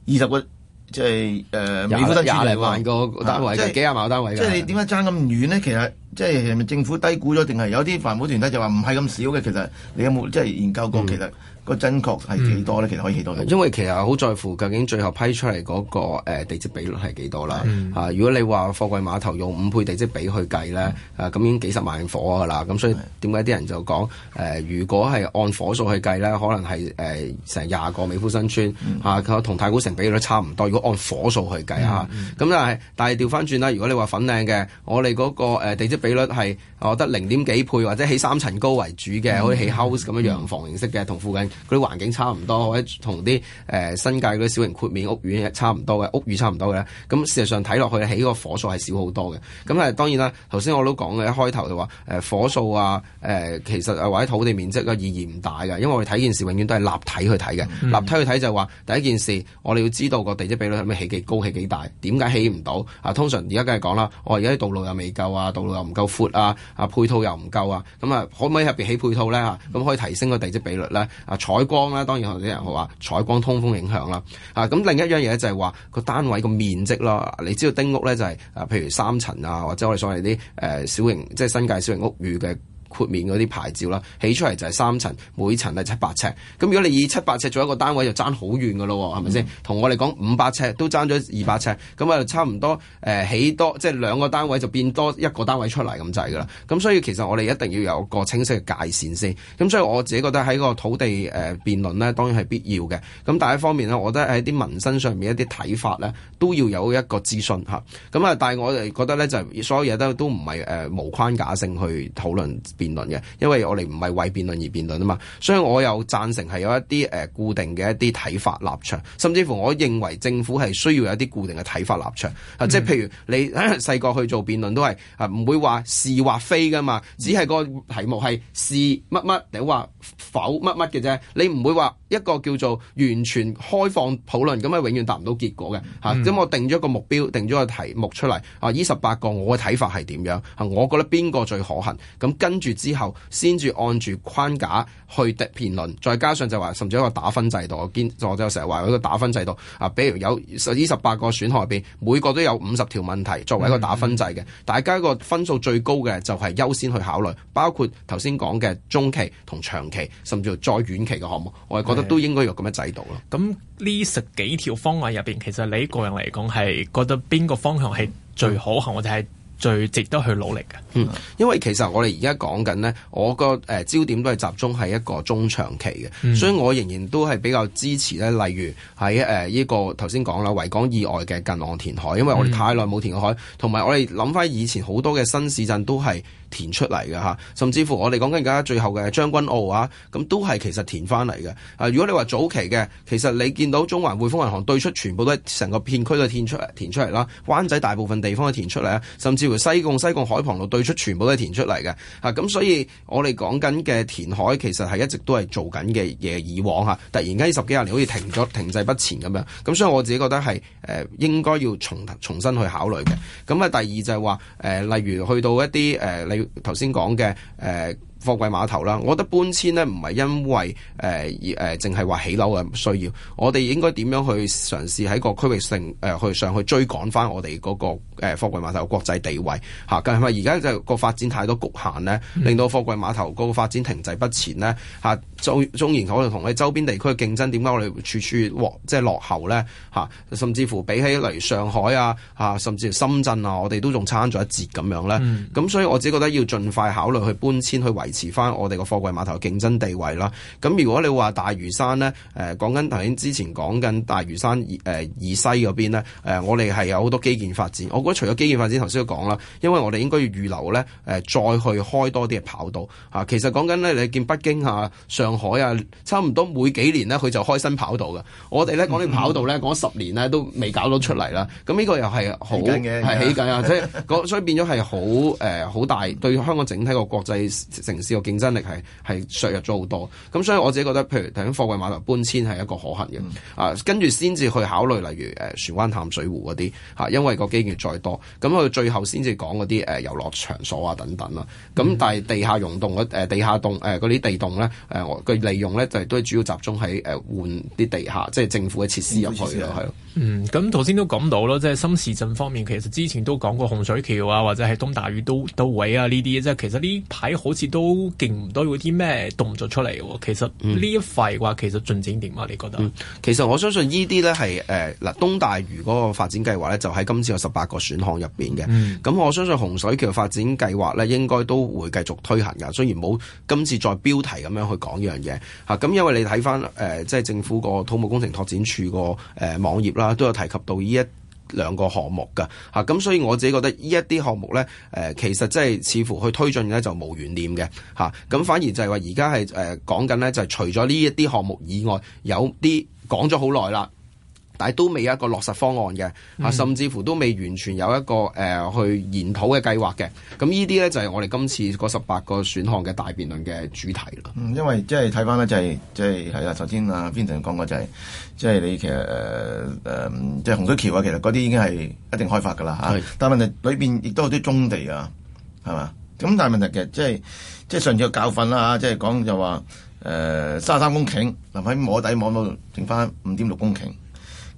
二十個。即係誒，廿、呃、零萬個單位，即、啊、係、就是、幾廿萬個單位。即係你點解爭咁遠咧？其實即係係咪政府低估咗，定係有啲環保團體就話唔係咁少嘅？其實你有冇即係研究過？其、嗯、實。個真確係幾多咧、嗯？其實可以起到，因為其實好在乎究竟最後批出嚟嗰個地積比率係幾多啦、嗯啊、如果你話貨櫃碼頭用五倍地積比去計咧，啊咁已經幾十萬夥噶啦。咁所以點解啲人就講誒、啊？如果係按夥數去計咧，可能係成廿個美孚新村嚇，同、嗯啊、太古城比率差唔多。如果按夥數去計、嗯、啊，咁但係但係調返轉啦。如果你話粉嶺嘅，我哋嗰個地積比率係我覺得零點幾倍或者起三層高為主嘅，可、嗯、以起 house 咁樣、嗯、洋房形式嘅，同附近。佢啲環境差唔多，或者同啲誒新界嗰啲小型豁免屋苑差唔多嘅屋苑差唔多嘅咧，咁事實上睇落去起個火數係少好多嘅。咁啊當然啦，頭先我都講嘅一開頭就話、呃、火數啊、呃，其實或者土地面積啊意義唔大嘅，因為我哋睇件事永遠都係立體去睇嘅、嗯，立體去睇就係話第一件事我哋要知道個地積比率係咪起幾高，起幾大，點解起唔到啊？通常而家梗係講啦，我而家啲道路又未夠啊，道路又唔夠闊啊，啊配套又唔夠啊，咁啊可唔可以入邊起配套咧？咁可以提升個地積比率咧？啊採光啦，當然有啲人話採光、通風影響啦。咁另一樣嘢就係話個單位個面積啦。你知道丁屋咧就係啊，譬如三層啊，或者我哋所謂啲誒小型，即係新界小型屋宇嘅。豁免嗰啲牌照啦，起出嚟就係三層，每層係七百尺。咁如果你以七百尺做一個單位就，嗯就呃，就爭好遠噶咯，係咪先？同我哋講五百尺都爭咗二百尺，咁啊差唔多誒起多，即係兩個單位就變多一個單位出嚟咁滯噶啦。咁所以其實我哋一定要有個清晰嘅界線先。咁所以我自己覺得喺個土地誒辯論咧，當然係必要嘅。咁但係一方面咧，我覺得喺啲民生上面一啲睇法咧，都要有一個諮詢吓，咁啊，但係我哋覺得咧，就係所有嘢都都唔係誒無框架性去討論。辯論嘅，因為我哋唔係為辯論而辯論啊嘛，所以我又贊成係有一啲誒固定嘅一啲睇法立場，甚至乎我認為政府係需要有啲固定嘅睇法立場啊，即係譬如你細個去做辯論都係啊，唔會話是或非噶嘛，只係個題目係是乜乜定話否乜乜嘅啫，你唔會話。一個叫做完全開放討論咁啊，樣永遠達唔到結果嘅吓。咁、嗯啊、我定咗一個目標，定咗個題目出嚟。啊，呢十八個我嘅睇法係點樣、啊？我覺得邊個最可行？咁、啊、跟住之後，先至按住框架去的辯論，再加上就話甚至一個打分制度。我堅我就成日話一個打分制度。啊，比如有呢十八個選項入邊，每個都有五十條問題作為一個打分制嘅、嗯。大家個分數最高嘅就係優先去考慮，包括頭先講嘅中期同長期，甚至再遠期嘅項目，我係覺得。都應該有咁樣制度咯。咁呢十幾條方案入邊，其實你個人嚟講係覺得邊個方向係最可行，或者係最值得去努力嘅？嗯，因為其實我哋而家講緊呢，我個誒、呃、焦點都係集中喺一個中長期嘅、嗯，所以我仍然都係比較支持呢，例如喺誒呢個頭先講啦，維港以外嘅近岸填海，因為我哋太耐冇填海，同、嗯、埋我哋諗翻以前好多嘅新市鎮都係。填出嚟嘅吓，甚至乎我哋講緊而家最後嘅將軍澳啊，咁都係其實填翻嚟嘅。啊，如果你話早期嘅，其實你見到中環匯豐銀行對出全部都係成個片區都填出填出嚟啦，灣仔大部分地方都填出嚟啦，甚至乎西貢西貢海旁路對出全部都係填出嚟嘅。嚇、啊，咁所以我哋講緊嘅填海其實係一直都係做緊嘅嘢，以往吓、啊，突然間十幾廿年好似停咗停滯不前咁樣咁、啊、所以我自己覺得係誒、呃、應該要重重新去考慮嘅。咁啊，第二就係話誒例如去到一啲誒、呃。例頭先講嘅，誒，貨櫃碼頭啦，我覺得搬遷呢唔係因為，誒，誒，淨係話起樓嘅需要，我哋應該點樣去嘗試喺個區域性，誒，去上去追趕翻我哋嗰個，誒，貨櫃碼頭國際地位，吓，係咪而家就個發展太多局限呢？嗯、令到貨櫃碼頭個發展停滯不前呢？吓？中中，然可能同啲周邊地區嘅競爭，點解我哋處處即係落後咧？吓，甚至乎比起嚟，上海啊，吓，甚至深圳啊，我哋都仲差咗一截咁樣咧。咁、嗯、所以我只覺得要盡快考慮去搬遷，去維持翻我哋個貨櫃碼頭競爭地位啦。咁如果你話大嶼山咧，誒講緊頭先之前講緊大嶼山誒以、呃、以西嗰邊咧，誒、呃、我哋係有好多基建發展。我覺得除咗基建發展，頭先都講啦，因為我哋應該要預留咧，誒、呃、再去開多啲嘅跑道嚇、啊。其實講緊咧，你見北京啊上。海啊，差唔多每幾年咧，佢就開新跑道嘅。我哋咧講啲跑道咧，講、嗯、十年咧都未搞到出嚟啦。咁呢個又係好係起緊啊，即係 所以變咗係好誒好大，對香港整體個國際城市個競爭力係係削弱咗好多。咁所以我自己覺得，譬如睇緊貨櫃碼頭搬遷係一個可行嘅、嗯、啊，跟住先至去考慮，例如誒船、啊、灣淡水湖嗰啲嚇，因為個機遇再多，咁佢最後先至講嗰啲誒遊樂場所啊等等啦。咁、啊、但係地下溶洞嗰、啊、地下洞誒嗰啲地洞咧誒我。啊佢利用咧，就都係主要集中喺誒、呃、換啲地下，即係政府嘅設施入去咯，係咯。嗯，咁頭先都講到咯，即、就、係、是、深市鎮方面，其實之前都講過洪水橋啊，或者係東大嶼都到位啊呢啲，即係其實呢排好似都勁唔多嗰啲咩動作出嚟喎。其實呢一塊嘅話、嗯，其實進展點啊？你覺得？嗯、其實我相信呢啲咧係誒嗱東大嶼嗰個發展計劃咧，就喺今次有十八個選項入面嘅。咁、嗯、我相信洪水橋發展計劃咧，應該都會繼續推行噶。雖然冇今次再標題咁樣去講。呢樣嘢嚇，咁因為你睇翻誒，即係政府個土木工程拓展署個誒網頁啦，都有提及到呢一兩個項目嘅嚇，咁所以我自己覺得呢一啲項目呢，誒其實即係似乎去推進呢就無懸念嘅嚇，咁反而就係話而家係誒講緊呢，就係除咗呢一啲項目以外，有啲講咗好耐啦。但係都未有一個落實方案嘅、啊，甚至乎都未完全有一個誒、呃、去研討嘅計劃嘅。咁呢啲咧就係、是、我哋今次嗰十八個選項嘅大辯論嘅主題嗯，因為即係睇翻咧，就係即係係啦。頭、就、先、是、啊 Vinton 講過就係、是，即、就、係、是、你其實誒即係洪水橋啊，其實嗰啲已經係一定開發噶啦嚇。啊但，裡面啊、但問題裏邊亦都有啲棕地啊，係、就、嘛、是？咁但係問題嘅，即係即係上次嘅教訓啦，即係講就話誒三十三公頃，嗱喺摸底摸到剩翻五點六公頃。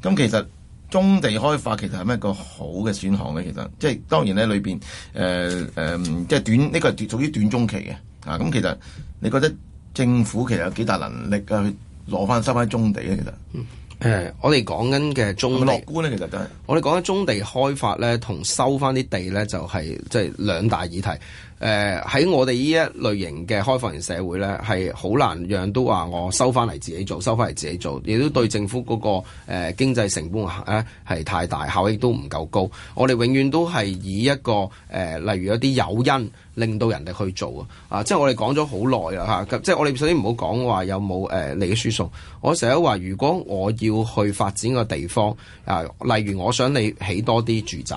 咁其實中地開發其實係咩一個好嘅選項咧？其實即係當然咧，裏面，誒即係短呢、呢個係屬於短中期嘅啊。咁其實你覺得政府其實有幾大能力啊？去攞翻收翻中地咧？其實。誒、呃，我哋講緊嘅中地，係咪樂觀呢？其實就係，我哋講緊中地開發咧，同收翻啲地咧，就係即係兩大議題。誒、呃，喺我哋呢一類型嘅開放型社會咧，係好難讓都話我收翻嚟，自己做，收翻嚟，自己做，亦都對政府嗰，那個誒、呃、經濟成本咧係太大，效益都唔夠高。我哋永遠都係以一個誒、呃，例如一有啲誘因。令到人哋去做啊！啊，即係我哋講咗好耐啦吓，即係我哋首先唔好講話有冇誒利益輸送。我成日話，如果我要去發展個地方啊，例如我想你起多啲住宅。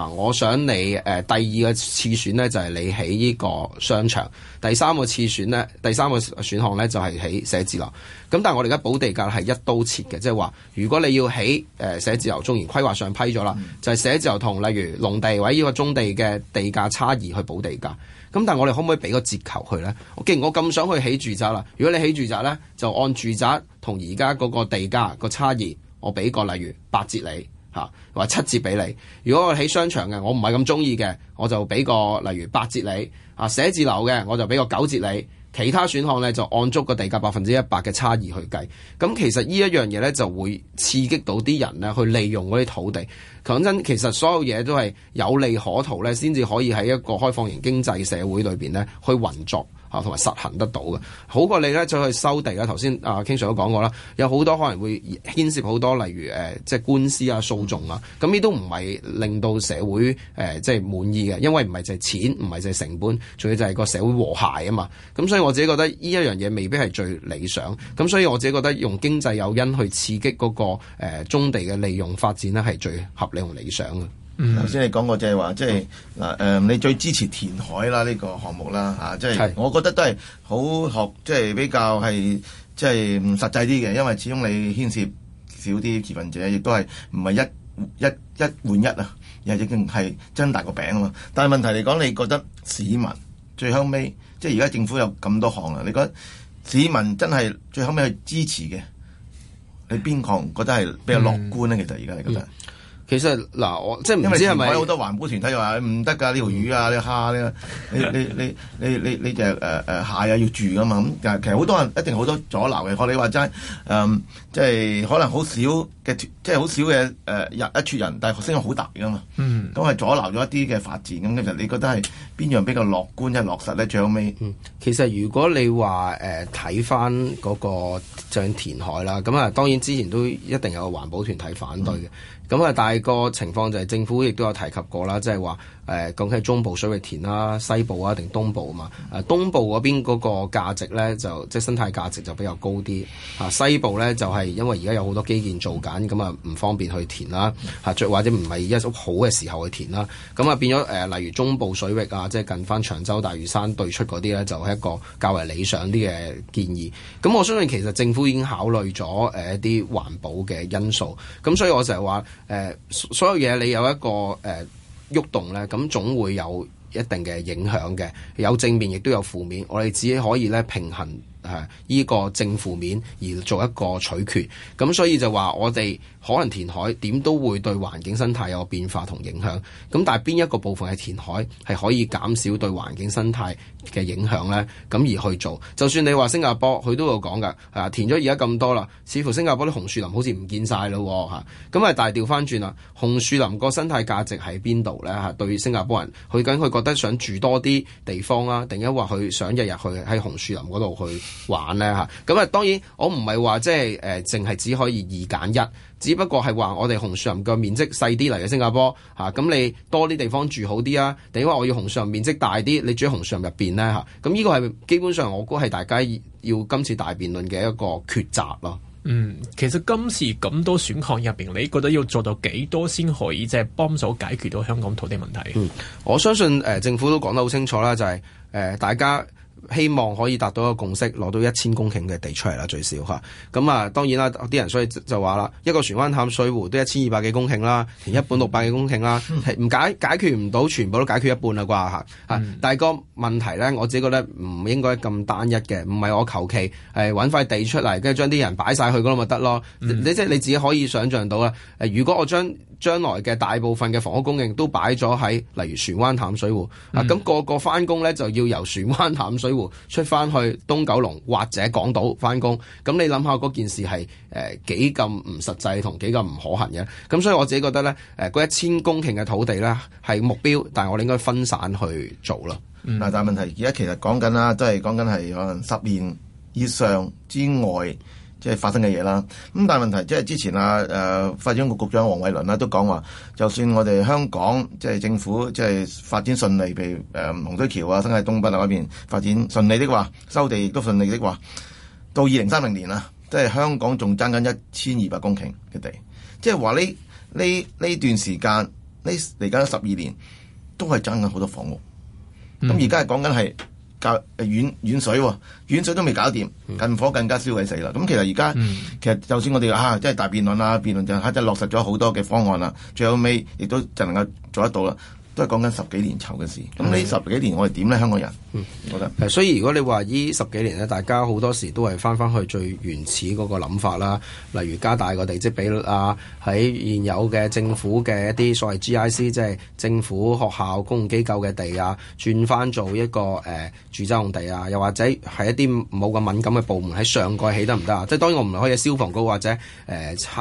嗱，我想你誒、呃、第二個次選呢，就係、是、你起呢個商場；第三個次選呢，第三個選項呢，就係、是、起寫字樓。咁但係我哋而家補地價係一刀切嘅，即係話如果你要起誒、呃、寫字樓，縱然規劃上批咗啦，就係、是、寫字樓同例如農地位呢個中地嘅地價差異去補地價。咁但係我哋可唔可以俾個折扣佢呢？既然我咁想去起住宅啦，如果你起住宅呢，就按住宅同而家嗰個地價、那個差異，我俾個例如八折你。嚇，話七折俾你。如果我喺商場嘅，我唔係咁中意嘅，我就俾個例如八折你。啊，寫字樓嘅我就俾個九折你。其他選項呢，就按足個地價百分之一百嘅差異去計。咁其實呢一樣嘢呢，就會刺激到啲人呢去利用嗰啲土地。講真，其實所有嘢都係有利可圖呢先至可以喺一個開放型經濟社會裏面呢去運作同埋實行得到嘅。好過你呢再去收地啦。頭先啊 King Sir 都講過啦，有好多可能會牽涉好多，例如誒即係官司啊、訴訟啊，咁呢都唔係令到社會誒即係滿意嘅，因為唔係就係錢，唔係就係成本，仲要就係個社會和諧啊嘛。咁所以我自己覺得呢一樣嘢未必係最理想。咁所以我自己覺得用經濟誘因去刺激嗰個棕地嘅利用發展呢係最合。你同理想啊！頭、嗯、先你講過就係話，即係嗱誒，你最支持填海啦呢、這個項目啦吓，即、就、係、是、我覺得都係好學，即、就、係、是、比較係即係唔實際啲嘅，因為始終你牽涉少啲持份者，亦都係唔係一一一換一啊，又一定係增大個餅啊嘛。但係問題嚟講，你覺得市民最，最後尾，即係而家政府有咁多項啊，你覺得市民真係最後尾去支持嘅，你邊項覺得係比較樂觀咧、嗯？其實而家你覺得？嗯其實嗱、啊，我即係因為填海好多環保團體又話唔得㗎，呢、嗯、條、這個、魚啊，呢、這個、蝦呢，呢、這、呢、個、你呢呢啲誒誒蟹啊，要住㗎嘛。咁其實其實好多人一定好多阻撓嘅。學你話齋，誒即係可能好少嘅，即係好少嘅誒、呃、一撮人，但係聲音好大㗎嘛。咁、嗯、都係阻撓咗一啲嘅發展。咁其實你覺得係邊樣比較樂觀即係落實咧？最後尾、嗯，其實如果你話誒睇翻嗰個像填海啦，咁啊當然之前都一定有一個環保團體反對嘅。嗯咁啊，但係個情況就係政府亦都有提及過啦，即係話。誒講起中部水域填啦，西部啊定東部嘛、啊？誒東部嗰邊嗰個價值咧，就即係生態價值就比較高啲、啊、西部咧就係、是、因為而家有好多基建做緊，咁啊唔方便去填啦、啊、或者唔係一屋好嘅時候去填啦。咁啊變咗、呃、例如中部水域啊，即、就、係、是、近翻長洲大嶼山對出嗰啲咧，就係一個較為理想啲嘅建議。咁我相信其實政府已經考慮咗、呃、一啲環保嘅因素。咁所以我就係話、呃、所有嘢你有一個誒。呃喐動咧，咁總會有一定嘅影響嘅，有正面亦都有負面，我哋只可以咧，平衡誒呢個正負面而做一個取決，咁所以就話我哋。可能填海點都會對環境生態有個變化同影響咁，但係邊一個部分嘅填海係可以減少對環境生態嘅影響呢？咁而去做，就算你話新加坡佢都有講㗎，填咗而家咁多啦。似乎新加坡啲紅樹林好似唔見晒咯喎。咁啊，大調翻轉啦，紅樹林個生態價值喺邊度呢？對於新加坡人，佢梗佢覺得想住多啲地方啦，定一話佢想日日去喺紅樹林嗰度去玩呢？嚇。咁啊，當然我唔係話即係誒，淨、呃、係只，只可以二揀一。只不過係話我哋紅樹林嘅面積細啲嚟嘅新加坡吓，咁你多啲地方住好啲啊，定因為我要紅樹林面積大啲，你住喺紅樹林入邊咧吓？咁呢個係基本上我估係大家要今次大辯論嘅一個抉擇咯。嗯，其實今次咁多選項入邊，你覺得要做到幾多先可以即係幫手解決到香港土地問題？嗯，我相信誒政府都講得好清楚啦，就係誒大家。希望可以達到一個共識，攞到一千公頃嘅地出嚟啦，最少嚇。咁啊，當然啦，啲人所以就話啦，一個船灣淡水湖都一千二百幾公頃啦，一半六百幾公頃啦，唔、嗯、解解決唔到，全部都解決一半啦啩、嗯、但係個問題呢，我自己覺得唔應該咁單一嘅，唔係我求其搵揾塊地出嚟，跟住將啲人擺晒去嗰度咪得咯？你即係你自己可以想像到啦、呃。如果我將將來嘅大部分嘅房屋供應都擺咗喺，例如船灣淡水湖、嗯、啊，咁、個個翻工呢就要由船灣淡水湖出翻去東九龍或者港島翻工，咁你諗下嗰件事係誒幾咁唔實際同幾咁唔可行嘅？咁所以我自己覺得呢，誒嗰一千公頃嘅土地呢係目標，但係我哋應該分散去做咯。嗱、嗯，但係問題而家其實講緊啦，即係講緊係可能十年以上之外。即係發生嘅嘢啦，咁但係問題即係之前啊，誒、呃、發展局局長黃偉綸啦都講話，就算我哋香港即係政府即係發展順利，譬如誒洪、呃、水橋啊，新界東北啊嗰邊發展順利的話，收地亦都順利的話，到二零三零年啊，即、就、係、是、香港仲爭緊一千二百公頃嘅地，即係話呢呢呢段時間呢嚟緊十二年都係爭緊好多房屋，咁而家係講緊係。嗯搞遠遠水喎、哦，遠水都未搞掂，近火更加燒鬼死啦！咁、嗯、其實而家、嗯、其實就算我哋啊，即、就、係、是、大辯論啊，辯論就嚇即係落實咗好多嘅方案啦，最後尾亦都就能夠做得到啦。都係講緊十幾年籌嘅事，咁呢十幾年我哋點咧？香港人，嗯，我覺得。所以如果你話依十幾年咧，大家好多時都係翻返去最原始嗰個諗法啦。例如加大個地積比率啊，喺現有嘅政府嘅一啲所謂 GIC，即係政府學校公共機構嘅地啊，轉翻做一個誒、呃、住宅用地啊，又或者係一啲冇咁敏感嘅部門喺上蓋起得唔得啊？即係當然我唔可以消防局或者誒、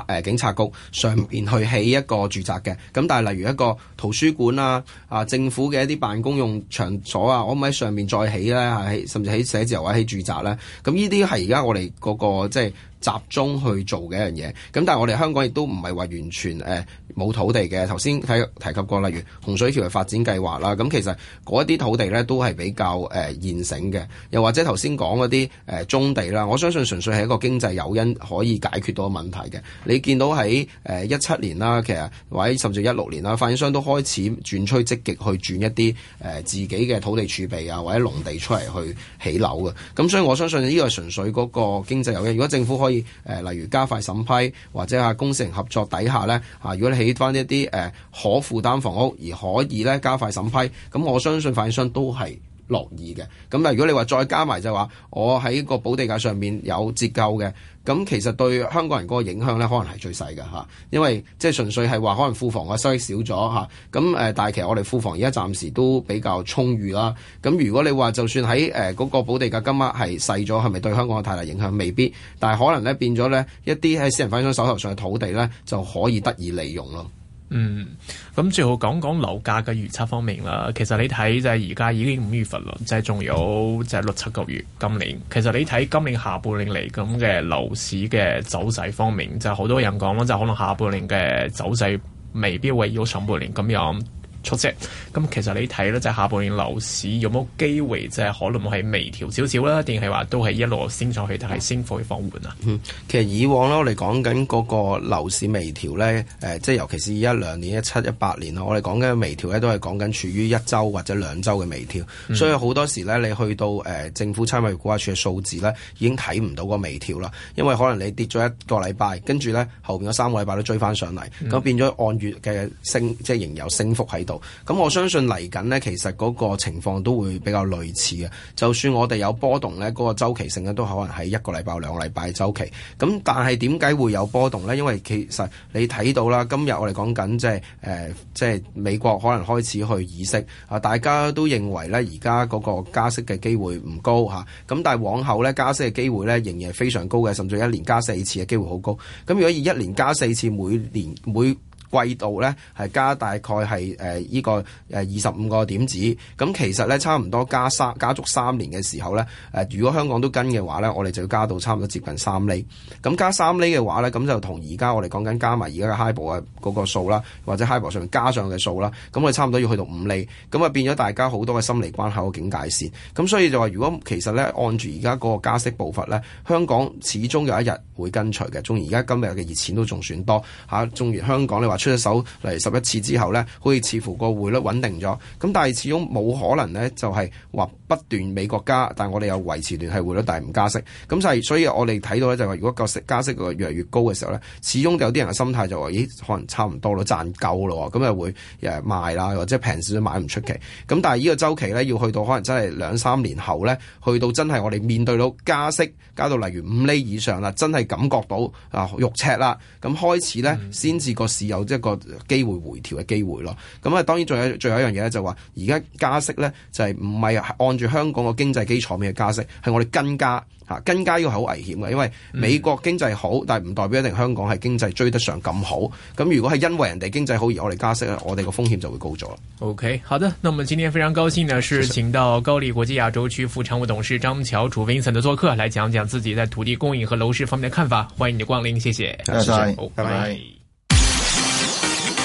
呃、警察局上面去起一個住宅嘅。咁但係例如一個圖書館啊。啊！政府嘅一啲辦公用場所啊，可唔可以喺上面再起咧？喺甚至喺寫字樓或者起住宅咧？咁呢啲係而家我哋嗰、個即係。就是集中去做嘅一樣嘢，咁但係我哋香港亦都唔係話完全誒冇土地嘅。頭先提提及過例如洪水橋嘅發展計劃啦，咁其實嗰一啲土地咧都係比較誒現成嘅，又或者頭先講嗰啲誒棕地啦，我相信純粹係一個經濟誘因可以解決到問題嘅。你見到喺誒一七年啦，其實或者甚至一六年啦，發展商都開始轉趨積極去轉一啲誒自己嘅土地儲備啊，或者農地出嚟去起樓嘅。咁所以我相信呢個純粹嗰個經濟誘因。如果政府開可以，誒，例如加快審批，或者喺工程合作底下咧，嚇，如果你起翻一啲誒可負擔房屋，而可以咧加快審批，咁我相信發展商都係樂意嘅。咁但係如果你話再加埋就係話，我喺個保地價上面有折舊嘅。咁其實對香港人嗰個影響咧，可能係最細嘅嚇，因為即係純粹係話可能庫房嘅收益少咗嚇，咁誒，但係其實我哋庫房而家暫時都比較充裕啦。咁如果你話就算喺誒嗰個補地價金額係細咗，係咪對香港有太大影響？未必，但係可能咧變咗咧一啲喺私人發展商手頭上嘅土地咧就可以得以利用咯。嗯，咁最後講講樓價嘅預測方面啦。其實你睇就係而家已經五月份啦，即係仲有即係六七個月。今年其實你睇今年下半年嚟咁嘅樓市嘅走勢方面，就好多人講啦，就可能下半年嘅走勢未必會如上半年咁樣。出息，咁其實你睇咧，就係下半年樓市有冇機會即係可能係微調少少啦，定係話都係一路升上去，定係升幅會放緩啊？嗯，其實以往咧，我哋講緊嗰個樓市微調咧，誒、呃，即係尤其是一兩年、一七、一八年啊，我哋講緊微調咧，都係講緊處於一周或者兩週嘅微調，嗯、所以好多時咧，你去到誒、呃、政府差餉估價署嘅數字咧，已經睇唔到個微調啦，因為可能你跌咗一個禮拜，跟住咧後邊嗰三個禮拜都追翻上嚟，咁變咗按月嘅升，即係仍有升幅喺。咁我相信嚟緊呢，其實嗰個情況都會比較類似嘅。就算我哋有波動呢嗰、嗰個周期性呢都可能係一個禮拜、兩個禮拜周期。咁但係點解會有波動呢？因為其實你睇到啦，今日我哋講緊即係誒，即、呃、係、即係、美國可能開始去議息啊，大家都認為呢而家嗰個加息嘅機會唔高吓，咁、啊、但係往後呢加息嘅機會呢仍然係非常高嘅，甚至一年加四次嘅機會好高。咁如果以一年加四次，每年每季度呢係加大概係誒、啊這個二十五個點子，咁其實呢，差唔多加三加足三年嘅時候呢、啊，如果香港都跟嘅話呢，我哋就要加到差唔多接近三厘。咁加三厘嘅話呢，咁就同而家我哋講緊加埋而家嘅 HIBOR 嗰個數啦，或者 HIBOR 上面加上嘅數啦，咁我哋差唔多要去到五厘，咁啊變咗大家好多嘅心理關口嘅警戒線。咁所以就話如果其實呢，按住而家嗰個加息步伐呢，香港始終有一日會跟隨嘅，縱然而家今日嘅熱錢都仲算多嚇，縱、啊、香港你話出咗手嚟十一次之後咧，好似似乎個匯率穩定咗，咁但係始終冇可能咧，就係，是話。不斷美國加，但我哋有維持聯繫匯率，但係唔加息。咁就係所以我哋睇到咧，就係話如果個息加息個越嚟越高嘅時候咧，始終有啲人嘅心態就話，咦，可能差唔多咯，賺夠咯，咁就會誒賣啦，或者平時都買唔出奇期。咁但係呢個周期咧，要去到可能真係兩三年後咧，去到真係我哋面對到加息加到例如五厘以上啦，真係感覺到啊肉赤啦，咁開始咧先至個市有即係個機會回調嘅機會咯。咁啊當然仲有，最後一樣嘢咧就話，而家加息咧就係唔係按住香港嘅經濟基礎面嘅加息，係我哋跟加吓，跟加要係好危險嘅，因為美國經濟好，但係唔代表一定香港係經濟追得上咁好。咁如果係因為人哋經濟好而我哋加息咧，我哋個風險就會高咗。OK，好的，咁我哋今天非常高興呢，是請到高力國際亞洲區副常務董事張翹楚 Vincent 的做客，來講講自己在土地供應和樓市方面的看法。歡迎你嘅光臨，謝謝,謝,謝拜拜。拜拜。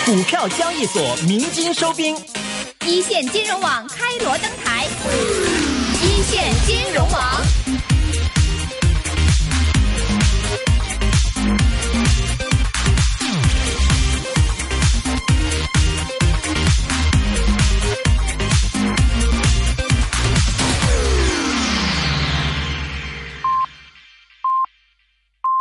股票交易所鳴金收兵。一線金融網開鑼登台，一線金融網。